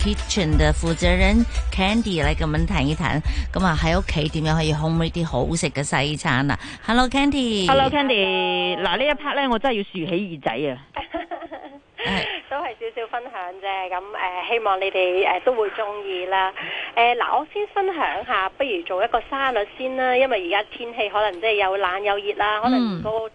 Kitchen 嘅負責人 Candy 嚟咁樣談一談，咁啊喺屋企點樣可以烘 o 啲好食嘅西餐啊？Hello Candy，Hello Candy，嗱 Hello. 呢一 part 咧，我真係要豎起耳仔啊！ 都係少少分享啫，咁誒、呃、希望你哋誒、呃、都會鍾意啦。誒、呃、嗱、呃，我先分享下，不如做一個沙律先啦，因為而家天氣可能即係有冷有熱啦，可能都。嗯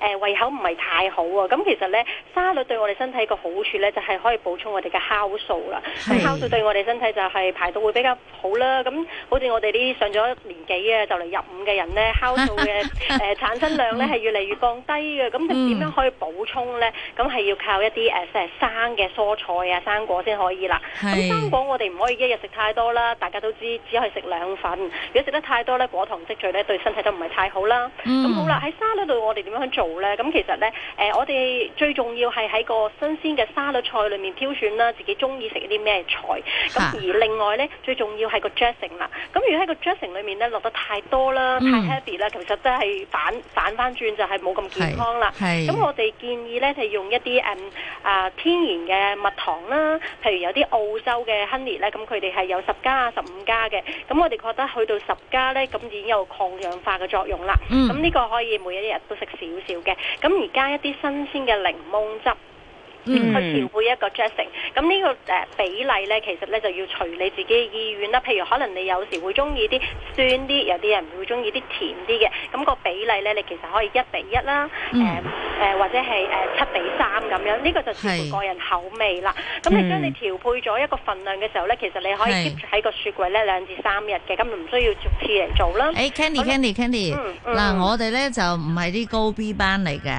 誒胃口唔係太好啊，咁、嗯、其實咧沙律對我哋身體個好處咧，就係、是、可以補充我哋嘅酵素啦。咁酵素對我哋身體就係排毒會比較好啦。咁好似我哋啲上咗年紀啊，就嚟入伍嘅人咧，酵素嘅誒、 呃、產生量咧係越嚟越降低嘅。咁就點樣可以補充咧？咁係要靠一啲誒即係生嘅蔬菜啊、生果先可以啦。咁生果我哋唔可以一日食太多啦，大家都知只可以食兩份。如果食得太多咧，果糖積聚咧對身體都唔係太好啦。咁、嗯、好啦，喺沙律度我哋點樣做？咁其實咧，誒、呃，我哋最重要係喺個新鮮嘅沙律菜裏面挑選啦，自己中意食啲咩菜。咁哈而另外咧，最重要係個 dressing 啦。咁如果喺個 dressing 裏面咧，落得太多啦，嗯、太 heavy 啦，其實真係反，反反翻轉就係冇咁健康啦。咁我哋建議咧係用一啲誒啊天然嘅蜜糖啦，譬如有啲澳洲嘅 honey 咧，咁佢哋係有十加啊十五加嘅。咁我哋覺得去到十加咧，咁已經有抗氧化嘅作用啦。咁呢、嗯、個可以每一日都食少少。咁而家一啲新鮮嘅檸檬汁，去調配一個 dressing，咁呢個誒比例咧，其實咧就要隨你自己嘅意願啦。譬如可能你有時會中意啲酸啲，有啲人會中意啲甜啲嘅。咁個比例咧，你其實可以一比一啦，誒誒或者係誒七比三咁樣。呢個就全部個人口味啦。咁你將你調配咗一個份量嘅時候咧，其實你可以 keep 住喺個雪櫃咧兩至三日嘅，咁唔需要逐次嚟做啦。誒 Candy，Candy，Candy，嗱我哋咧就唔係啲高 B 班嚟嘅，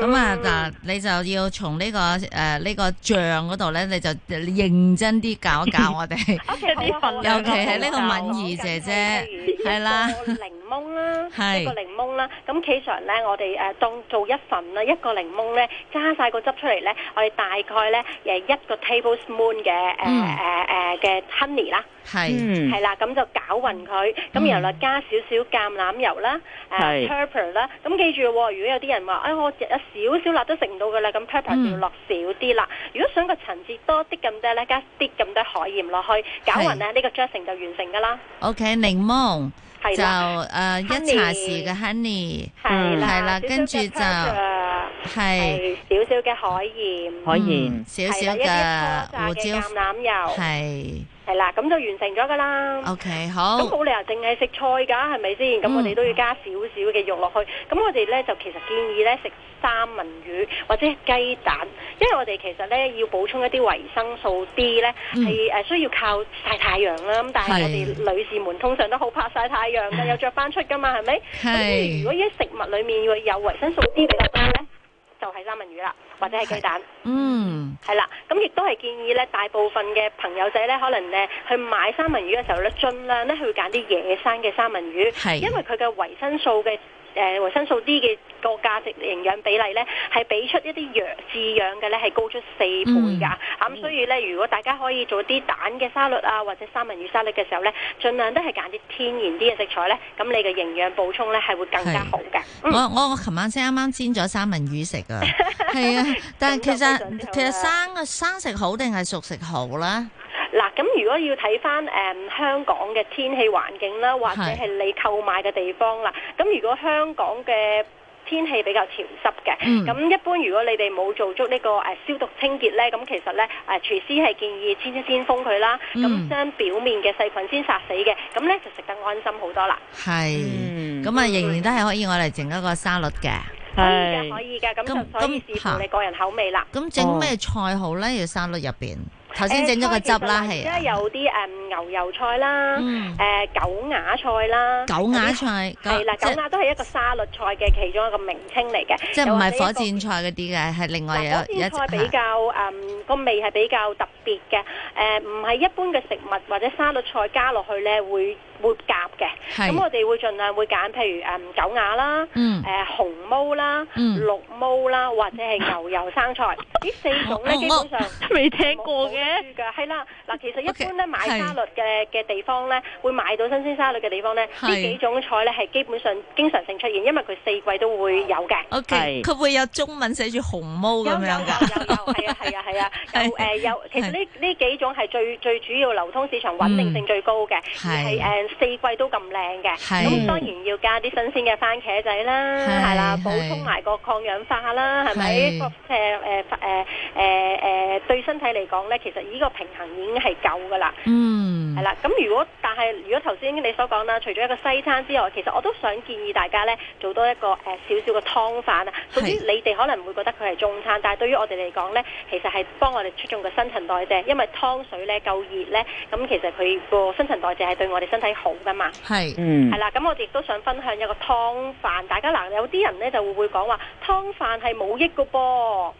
咁啊嗱你就要從呢個。誒呢個醬嗰度咧，你就認真啲搞一搞我哋，尤其係呢個敏儀姐姐，係啦，檸檬啦，一個檸檬啦，咁其實咧，我哋誒當做一份啦，一個檸檬咧，加晒個汁出嚟咧，我哋大概咧，誒一個 tablespoon 嘅誒誒誒嘅 honey 啦，係，係啦，咁就攪勻佢，咁然後加少少橄欖油啦，誒 pepper 啦，咁記住，如果有啲人話，誒我有少少辣都食唔到㗎啦，咁 pepper 要落少。少啲啦，如果想個層次多啲咁多咧，加啲咁多海鹽落去攪勻咧，呢個 dressing 就完成噶啦。OK，檸檬係就誒一茶匙嘅 honey 係啦，係啦、嗯，跟住就。係少少嘅海鹽，海鹽、嗯、的少少嘅胡椒，的胡椒橄欖油，係係啦，咁的就完成咗噶啦。OK，好。咁冇理由淨係食菜噶，係咪先？咁我哋都要加少少嘅肉落去。咁我哋咧就其實建議咧食三文魚或者雞蛋，因為我哋其實咧要補充一啲維生素 D 咧，係誒、嗯呃、需要靠曬太陽啦。咁但係我哋女士們通常都好怕曬太陽嘅，又着、嗯、翻出噶嘛，係咪？係。如果一食物裏面會有維生素 D 畀大家咧？就係三文魚啦，或者係雞蛋。嗯，係啦，咁亦都係建議咧，大部分嘅朋友仔咧，可能咧去買三文魚嘅時候咧，盡量咧去揀啲野生嘅三文魚，因為佢嘅維生素嘅。誒維生素 D 嘅個價值營養比例咧，係俾出一啲藥飼養嘅咧，係高出四倍噶。咁所以咧，如果大家可以做啲蛋嘅沙律啊，或者三文魚沙律嘅時候咧，盡量都係揀啲天然啲嘅食材咧，咁你嘅營養補充咧係會更加好噶、嗯。我我我琴晚先啱啱煎咗三文魚食啊，係 啊，但係其實 其實生啊生食好定係熟食好啦。如果要睇翻誒香港嘅天氣環境啦，或者係你購買嘅地方啦，咁是如果香港嘅天氣比較潮濕嘅，咁、嗯、一般如果你哋冇做足呢個誒消毒清潔咧，咁其實咧誒、啊、廚師係建議先先封佢啦，咁、嗯、將表面嘅細菌先殺死嘅，咁咧就食得安心好多啦。係，咁啊仍然都係可以我嚟整一個沙律嘅，係 可以嘅可以嘅，咁所以視乎你個人口味啦。咁整咩菜好咧？要沙律入邊？頭先整咗個汁啦，係而家有啲誒、嗯、牛油菜啦，誒九芽菜啦，九芽菜係啦，九芽、啊即係、都係一個沙律菜嘅其中一個名稱嚟嘅，即係唔係火箭菜嗰啲嘅，係咧另外有一一。菜比較誒個、啊嗯、味係比較特別嘅，誒唔係一般嘅食物或者沙律菜加落去咧會。活夾嘅，咁我哋會盡量會揀，譬如誒九雅啦，誒紅毛啦、綠毛啦，或者係牛油生菜，呢四種咧基本上都未聽過嘅，係啦。嗱，其實一般咧買沙律嘅嘅地方咧，會買到新鮮沙律嘅地方咧，呢幾種菜咧係基本上經常性出現，因為佢四季都會有嘅。O K，佢會有中文寫住紅毛咁樣嘅？係啊係啊係啊，有誒有。其實呢呢幾種係最最主要流通市場穩定性最高嘅，而係四季都咁靚嘅，咁是當然要加啲新鮮嘅番茄仔啦，係是啦，是補充埋個抗氧化啦，係咪吧？誒誒誒誒誒，對身體嚟講呢，其實呢個平衡已經係夠噶、嗯、啦。嗯，係啦。咁如果但係如果頭先你所講啦，除咗一個西餐之外，其實我都想建議大家呢，做多一個誒少少嘅湯飯啊。總之是你哋可能唔會覺得佢係中餐，但係對於我哋嚟講呢，其實係幫我哋促進個新陳代謝，因為湯水呢夠熱呢，咁其實佢個新陳代謝係對我哋身體。好噶嘛，係是，嗯，係啦，咁我哋亦都想分享一個湯飯，大家嗱，有啲人咧就會會講話，湯飯係冇益噶噃。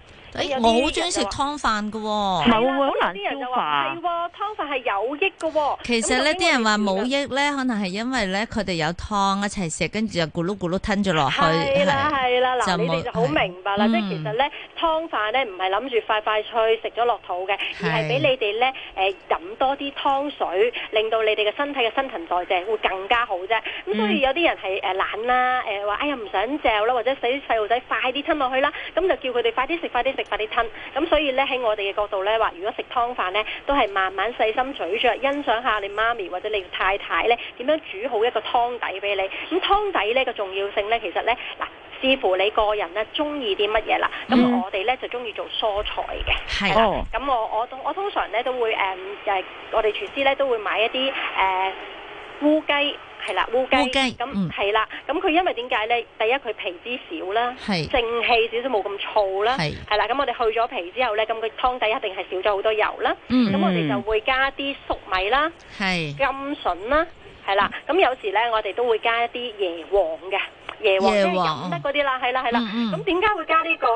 我好中意食湯飯嘅，係啊！好難消化。有啲人就話，係喎，湯飯係有益嘅喎。其實呢啲人話冇益咧，可能係因為咧，佢哋有湯一齊食，跟住就咕嚕咕嚕吞咗落去。係啦，係啦，嗱，你哋就好明白啦。即係其實咧，湯飯咧唔係諗住快快脆食咗落肚嘅，而係俾你哋咧誒飲多啲湯水，令到你哋嘅身體嘅新陳代謝會更加好啫。咁所以有啲人係誒懶啦，誒話哎呀唔想嚼啦，或者使細路仔快啲吞落去啦，咁就叫佢哋快啲食，快啲。食快啲吞，咁、啊、所以呢，喺我哋嘅角度呢，話如果食湯飯呢，都係慢慢細心咀嚼，欣賞下你媽咪或者你太太呢點樣煮好一個湯底俾你。咁、啊、湯底呢個重要性呢，其實呢，嗱，視乎你個人呢中意啲乜嘢啦。咁我哋呢、嗯、就中意做蔬菜嘅。係，咁我我我通常呢都會誒、嗯，就係、是、我哋廚師呢都會買一啲誒烏雞。嗯係啦，烏雞，咁係啦，咁佢因為點解咧？第一佢皮脂少啦，正氣少少冇咁燥啦，係啦。咁我哋去咗皮之後咧，咁佢湯底一定係少咗好多油啦。咁我哋就會加啲粟米啦，甘筍啦，係啦。咁有時咧，我哋都會加一啲椰皇嘅，椰皇，即係飲得嗰啲啦，係啦係啦。咁點解會加呢個？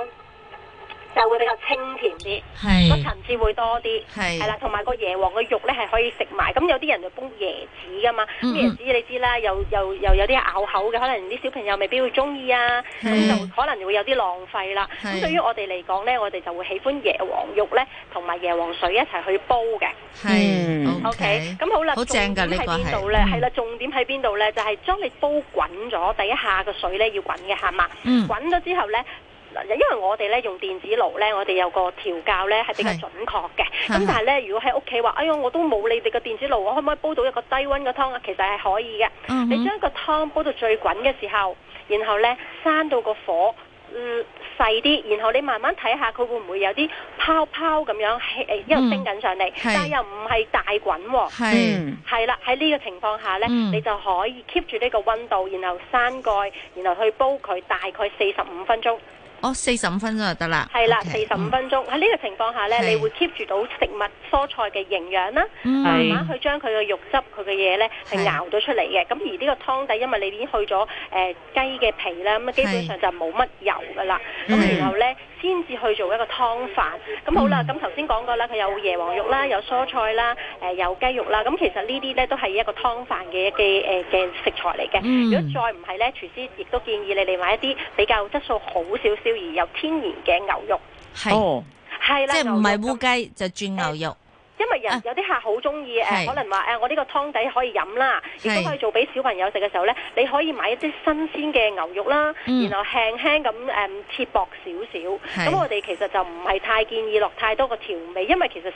就會比較清甜啲，個層次會多啲，係啦，同埋個椰皇嘅肉咧係可以食埋。咁有啲人就煲椰子噶嘛，椰子你知啦，又又又有啲咬口嘅，可能啲小朋友未必會中意啊，咁就可能會有啲浪費啦。咁對於我哋嚟講咧，我哋就會喜歡椰皇肉咧同埋椰皇水一齊去煲嘅。係，OK，咁好啦，好正噶，喺邊度咧？係啦，重點喺邊度咧？就係將你煲滾咗，第一下個水咧要滾嘅，係嘛？滾咗之後咧。因為我哋咧用電子爐咧，我哋有個調教咧係比較準確嘅。咁的但係咧，如果喺屋企話，哎唷，我都冇你哋個電子爐，我可唔可以煲到一個低温嘅湯啊？其實係可以嘅。嗯、哼你將個湯煲到最滾嘅時候，然後咧閂到個火、呃、細啲，然後你慢慢睇下佢會唔會有啲泡泡咁樣，係一路升緊上嚟，嗯、但係又唔係大滾、哦。係係啦，喺呢、嗯、個情況下咧，嗯、你就可以 keep 住呢個温度，然後閂蓋，然後去煲佢大概四十五分鐘。哦，四十五分鐘就得啦。係啦、嗯，四十五分鐘喺呢個情況下呢，是你會 keep 住到食物蔬菜嘅營養啦，慢慢、嗯嗯、去將佢嘅肉汁、佢嘅嘢呢係熬咗出嚟嘅。咁而呢個湯底，因為你已經去咗誒、呃、雞嘅皮啦，咁基本上就冇乜油噶啦。咁是然後呢。嗯先至去做一個湯飯，咁好啦。咁頭先講過啦，佢有椰皇肉啦，有蔬菜啦，誒、呃、有雞肉啦。咁其實呢啲呢都係一個湯飯嘅嘅誒嘅食材嚟嘅。嗯、如果再唔係呢，廚師亦都建議你哋買一啲比較質素好少少而又天然嘅牛肉。係是，係、哦、啦，即係唔係烏雞就轉牛肉。就因為有有人有啲客好中意誒，呃、是可能話誒、呃，我呢個湯底可以飲啦。亦都是可以做俾小朋友食嘅時候咧，你可以買一啲新鮮嘅牛肉啦，嗯、然後輕輕咁誒切薄少少。咁是我哋其實就唔係太建議落太多個調味，因為其實。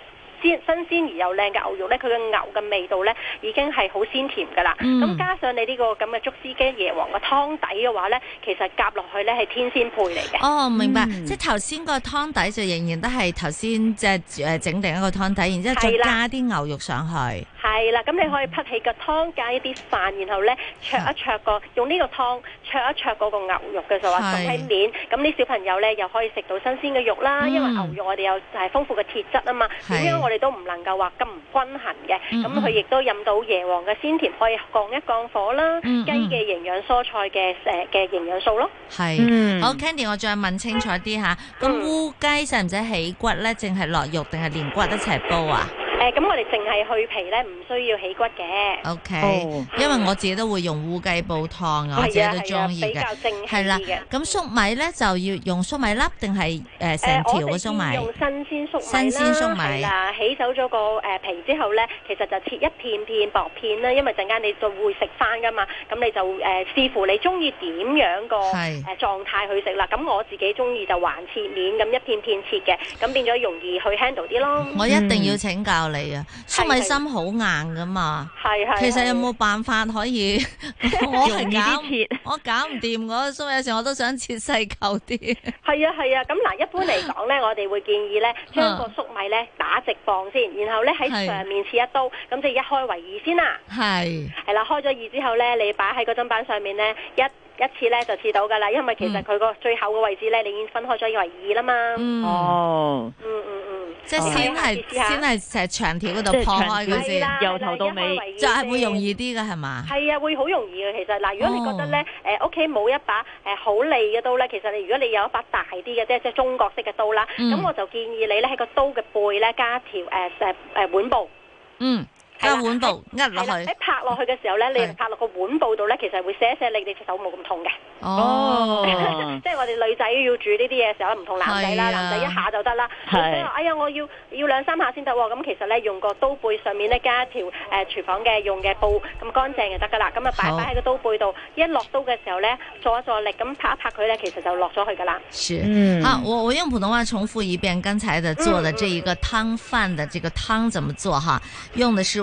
新鮮而又靚嘅牛肉咧，佢嘅牛嘅味道咧已經係好鮮甜噶啦。咁、嗯、加上你、這個、呢個咁嘅竹絲雞椰皇嘅湯底嘅話咧，其實夾落去咧係天仙配嚟嘅。哦，明白，嗯、即係頭先個湯底就仍然都係頭先即係誒整定一個湯底，然之後再加啲牛肉上去。係啦，咁、嗯、你可以潷起個湯，加一啲飯，然後咧灼一灼個，用呢個湯灼一灼嗰個牛肉嘅，就話凍喺面。咁啲小朋友咧又可以食到新鮮嘅肉啦，嗯、因為牛肉我哋有係豐富嘅鐵質啊嘛。咁樣是我哋都唔能夠話咁唔均衡嘅。咁佢亦都飲到椰皇嘅鮮甜，可以降一降火啦。嗯嗯、雞嘅營養蔬菜嘅誒嘅營養素咯。係，好，Candy，我再問清楚啲吓，咁烏雞使唔使起骨咧？淨係落肉定係連骨一齊煲啊？誒，咁我哋淨係去皮咧，唔需要起骨嘅。OK，因為我自己都會用烏雞煲湯啊，我自己都中意嘅。係啦，咁粟米咧就要用粟米粒定係誒成條嘅粟米？我哋用新鮮粟米啦。新鮮粟米嗱，起走咗個誒皮之後咧，其實就切一片片薄片啦，因為陣間你就會食翻噶嘛。咁你就誒視乎你中意點樣個誒狀態去食啦。咁我自己中意就橫切面，咁一片片切嘅，咁變咗容易去 handle 啲咯。我一定要請教。嚟啊！粟米心好硬噶嘛，係係係係，其實有冇辦法可以？ 些 我係搞，我搞唔掂嗰粟米，有時我都想切細嚿啲。係啊，係啊，咁嗱，一般嚟講咧， 我哋會建議咧，將個粟米咧打直放先，然後咧喺上面切一刀，咁即係一開為二先啦。係，係啦，開咗二之後咧，你擺喺個砧板上面咧一。一次咧就切到噶啦，因為其實佢個最厚嘅位置咧，你已經分開咗以為二啦嘛。嗯，哦，嗯嗯嗯，即係先係先係，誒長條嗰度破開佢先，先由頭到尾，就係會容易啲嘅係嘛？係啊，會好容易嘅。其實嗱，如果你覺得咧，誒屋企冇一把誒好利嘅刀咧，其實你如果你有一把大啲嘅啫，即係中國式嘅刀啦，咁我就建議你咧喺個刀嘅背咧加條誒誒誒碗布。嗯。嗯加碗布一落去，喺拍落去嘅時候咧，你拍落個碗布度咧，其實會卸一卸，你哋隻手冇咁痛嘅。哦， 即係我哋女仔要煮呢啲嘢嘅時候，唔同男仔啦，哎、呀男仔一下就得啦。係好，哎呀，我要要兩三下先得，啊，咁、嗯、其實咧用個刀背上面咧加條誒廚房嘅用嘅布咁乾淨就得噶啦，咁啊擺翻喺個刀背度，一落刀嘅時候咧助一助力咁拍一拍佢咧，其實就落咗去噶啦。是，嗯，啊，我我用普通話重複一遍剛才的做的這一個湯飯的，這個湯怎麼做哈？用的是。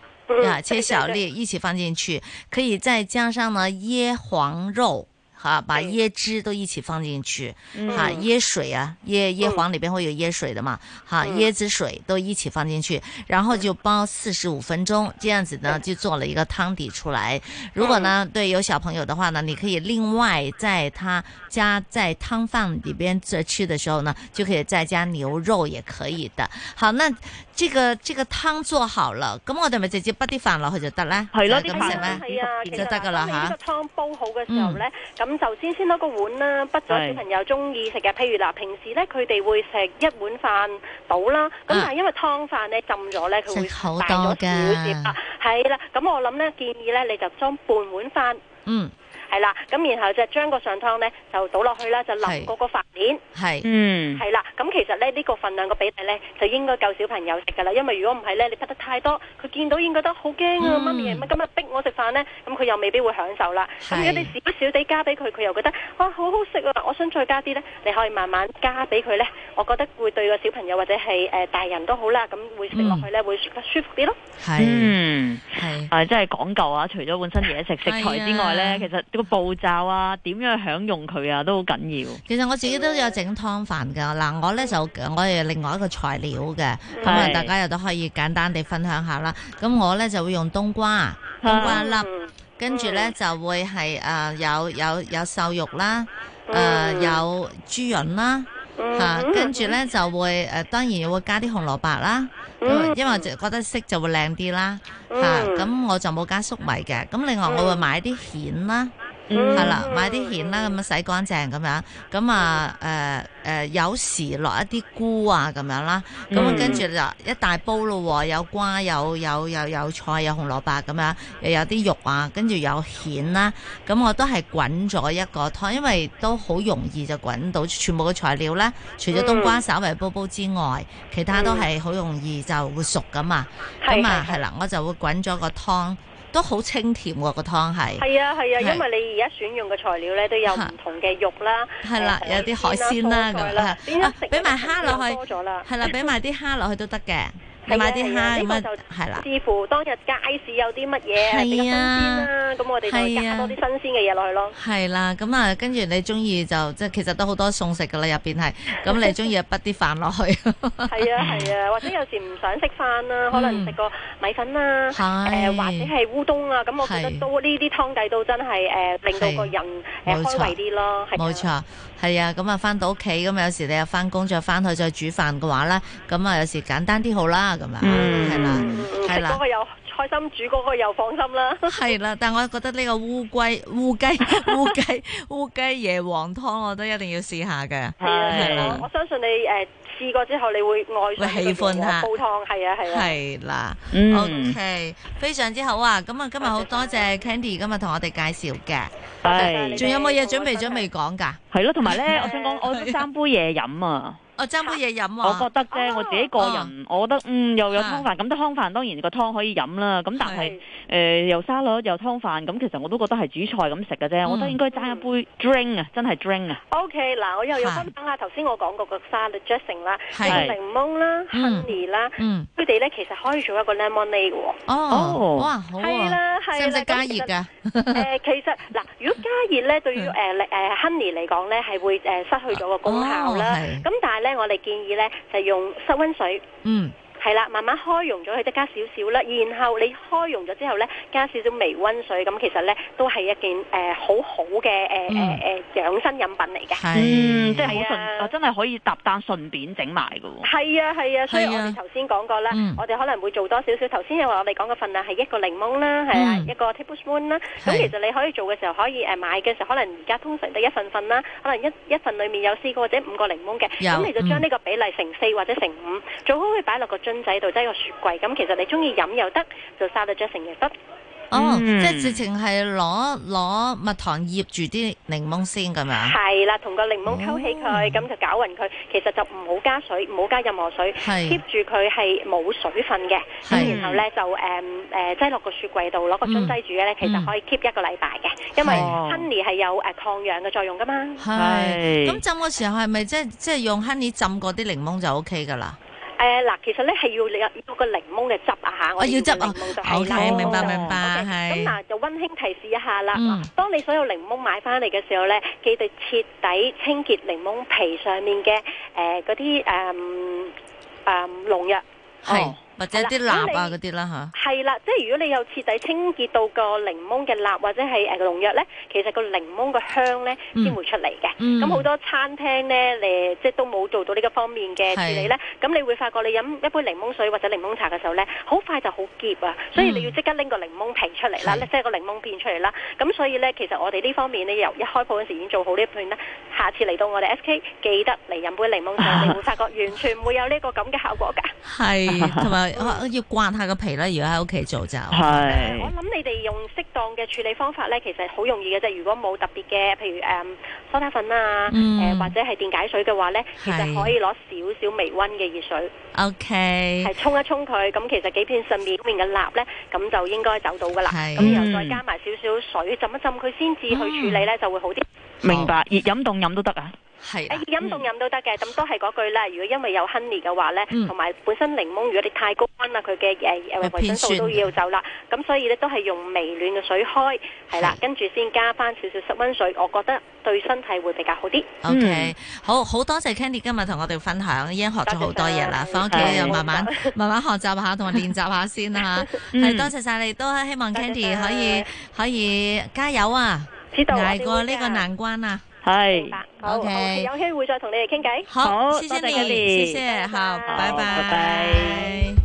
呀，yeah，切小粒一起放進去，可以再加上呢，椰皇肉。好、啊，把椰汁都一起放進去，哈、嗯啊，椰水啊，椰椰皇裏邊會有椰水的嘛，哈、啊，嗯、椰子水都一起放進去，然後就煲四十五分鐘，這樣子呢就做了一個湯底出來。如果呢，嗯、對有小朋友的話呢，你可以另外在他加在湯飯裏邊在吃的時候呢，就可以再加牛肉也可以的。好，那這個這個湯做好了，咁我哋咪直接擺啲飯落去就得咧，係咯，咁食咩？係啊，就得噶啦，湯煲好的時候呢。嗯咁首先先攞個碗啦，不咗小朋友中意食嘅，譬如嗱，平時咧佢哋會食一碗飯到啦，咁、啊、但係因為湯飯咧浸咗咧，佢會大咗少少啊，係啦，咁我諗咧建議咧你就裝半碗飯，嗯。係啦，咁然後就將個上湯咧就倒落去啦，就淋嗰個飯面。係，嗯，係啦、嗯，咁其實咧呢、呢個份量個比例咧就應該夠小朋友食噶啦，因為如果唔係咧你滗得太多，佢見到已經覺得好驚啊，嗯、媽咪，乜今日逼我食飯咧？咁佢又未必會享受啦。咁是、嗯、如果你少少地加俾佢，佢又覺得哇好好食啊！我想再加啲咧，你可以慢慢加俾佢咧。我覺得會對個小朋友或者係誒、呃、大人都好啦，咁會食落去咧、嗯、會舒服啲咯。係是，嗯，係啊，真係講究啊，除咗本身嘢食食材之外咧，其實。步驟啊，點樣享用佢啊，都好緊要。其實我自己都有整湯飯噶，嗱，我呢就我有另外一個材料嘅，咁啊，大家又都可以簡單地分享下啦。咁我呢就會用冬瓜，冬瓜粒，的跟住呢就會係誒、呃、有有有瘦肉啦，誒、呃、有豬潤啦，吓、啊，跟住呢就會誒、呃、當然會加啲紅蘿蔔啦，因為就覺得色就會靚啲啦，吓、啊，咁我就冇加粟米嘅，咁另外我會買啲蜆啦。係啦，買啲蜆啦，咁樣洗乾淨，咁樣，咁啊，誒誒，有時落一啲菇啊，咁樣啦，咁啊，跟住就一大煲咯喎，有瓜，有有有有菜，有紅蘿蔔咁樣，又有啲肉啊，跟住有蜆啦，咁我都係滾咗一個湯，因為都好容易就滾到全部嘅材料咧，除咗冬瓜稍微煲煲之外，其他都係好容易就會熟㗎嘛，咁啊，係啦，我就會滾咗個湯。都好清甜喎，個湯係。係啊，係啊，啊，因為你而家選用嘅材料咧，都有唔同嘅肉啦，係啦，有啲海鮮啦，咁啊，俾埋蝦落去，係啦了，俾埋啲蝦落去都得嘅。 買啲蝦啊，係啦，視乎當日街市有啲乜嘢比較新鮮咁、啊、我哋就可以加多啲新鮮嘅嘢落去咯。係啦，咁啊，跟住你中意就即係其實都好多餸食㗎啦，入邊係。咁你中意 啊，畢啲飯落去。係啊係啊，或者有時唔想食飯啦，可能食個米粉啦、嗯啊，或者係烏冬是啊。咁我覺得都呢啲湯底都真係誒、呃、令到個人誒開胃啲咯。係冇、啊、錯，係啊，咁啊翻到屋企咁有時你又翻工再翻去再煮飯嘅話咧，咁啊有時簡單啲好啦。係嘛，係啦，食嗰個又開心，煮嗰個又放心啦。係啦，但係我覺得呢個烏龜烏雞烏雞烏雞椰皇湯，我都一定要試下嘅。係，我相信你誒，試過之後你會愛上佢煲湯。係啊，係啊。係啦，嗯，OK 非常之好啊！咁啊，今日好多謝 Candy 今日同我哋介紹嘅，係，仲有冇嘢準備咗未講噶？係咯，同埋咧，我想講我三杯嘢飲啊。我爭杯嘢飲喎，我覺得啫，我自己個人，我覺得嗯又有湯飯，咁得湯飯當然個湯可以飲啦。咁但係誒又沙律又湯飯，咁其實我都覺得係煮菜咁食嘅啫，我都應該爭一杯 drink 啊，真係 drink 啊。OK，嗱，我又有分享下頭先我講過個沙律 dressing 啦，檸檬啦，honey 啦，佢哋咧其實可以做一個 lemonade 嘅喎。哦，哇，使唔使加熱噶？誒、 呃，其實嗱、呃，如果加熱咧，對於誒誒 honey 嚟講咧，係會誒失去咗個功效啦。咁、哦、但係咧，我哋建議咧，就用室溫水。嗯。係啦，慢慢開溶咗佢，再加少少啦。然後你開溶咗之後咧，加少少微溫水，咁其實咧都係一件誒好好嘅誒誒誒養生飲品嚟嘅。係，即係好順，真係可以搭單順便整埋嘅喎。係啊，係啊，所以我哋頭先講過啦，我哋可能會做多少少。頭先又話我哋講嘅份量係一個檸檬啦，係啊，一個 tablespoon 啦。咁其實你可以做嘅時候可以誒買嘅時候，可能而家通常得一份份啦，可能一一份裡面有四個或者五個檸檬嘅。咁你就將呢個比例乘四或者乘五，最好可以擺落個樽樽仔度擠個雪櫃，咁其實你中意飲又得，就沙律醬成日得。哦，即係直情係攞攞蜜糖醃住啲檸檬先咁樣，係咪啊？係啦，同個檸檬溝起佢，咁就攪勻佢。其實就唔好加水，唔好加任何水，keep 住佢係冇水分嘅。係是，然後咧就誒誒，擠、嗯、落、呃、個雪櫃度攞個樽擠住咧，嗯、其實可以 keep 一個禮拜嘅。因為 honey 係有誒抗氧嘅作用噶嘛。係、哦。咁浸嘅時候係咪即係即係用 honey 浸過啲檸檬就 O K 噶啦？誒，嗱、呃，其實咧係要你有要個檸檬嘅汁啊，吓，我要汁哦，檸檬就係、啊，明白 Okay, 明白，咁嗱就溫馨提示一下啦，嗯、當你所有檸檬買翻嚟嘅時候咧，記得徹底清潔檸檬皮上面嘅誒嗰啲誒誒農藥，係、呃。是或者啲蠟啊嗰啲啦吓，係啦，即係如果你有徹底清潔到個檸檬嘅蠟或者係誒、呃、農藥咧，其實個檸檬嘅香咧先、嗯、會出嚟嘅。咁好、嗯、多餐廳咧，你即係都冇做到呢個方面嘅處理咧，咁是你會發覺你飲一杯檸檬水或者檸檬茶嘅時候咧，好快就好澀啊，所以你要即刻拎個檸檬皮出嚟啦，即係、嗯、個檸檬片出嚟啦。咁是所以咧，其實我哋呢方面你由一開鋪嗰時已經做好呢一半啦。下次嚟到我哋 S K，記得嚟飲杯檸檬水，啊、你會發覺完全唔會有呢個咁嘅效果㗎。係，同埋。嗯、要刮下個皮啦，如果喺屋企做就。係是、嗯。我諗你哋用適當嘅處理方法咧，其實好容易嘅啫。如果冇特別嘅，譬如誒蘇打粉啊，呃、或者係電解水嘅話咧，是其實可以攞少少微温嘅熱水。O Okay , K。係沖一沖佢，咁其實幾片上面面嘅蠟咧，咁就應該走到噶啦。咁是、嗯、然後再加埋少少水浸一浸佢，先至去處理咧，嗯、就會好啲。明白，熱飲凍飲都得啊。係，誒熱飲凍飲都得嘅，咁都係嗰句啦。如果因為有 honey 嘅話呢，同埋本身檸檬，如果你太高溫啦，佢嘅誒誒維生素都要走啦。咁所以呢，都係用微暖嘅水開，係啦，跟住先加翻少少室溫水，我覺得對身體會比較好啲。OK，好好多謝 Candy 今日同我哋分享，已經學咗好多嘢啦。翻屋企又慢慢慢慢學習下，同埋練習下先啦嚇。係多謝晒你，都希望 Candy 可以可以加油啊！知道捱過呢個難關啊，係是，好，ok，有機會再同你哋傾偈，好，好謝謝你，多謝，謝，好，拜拜。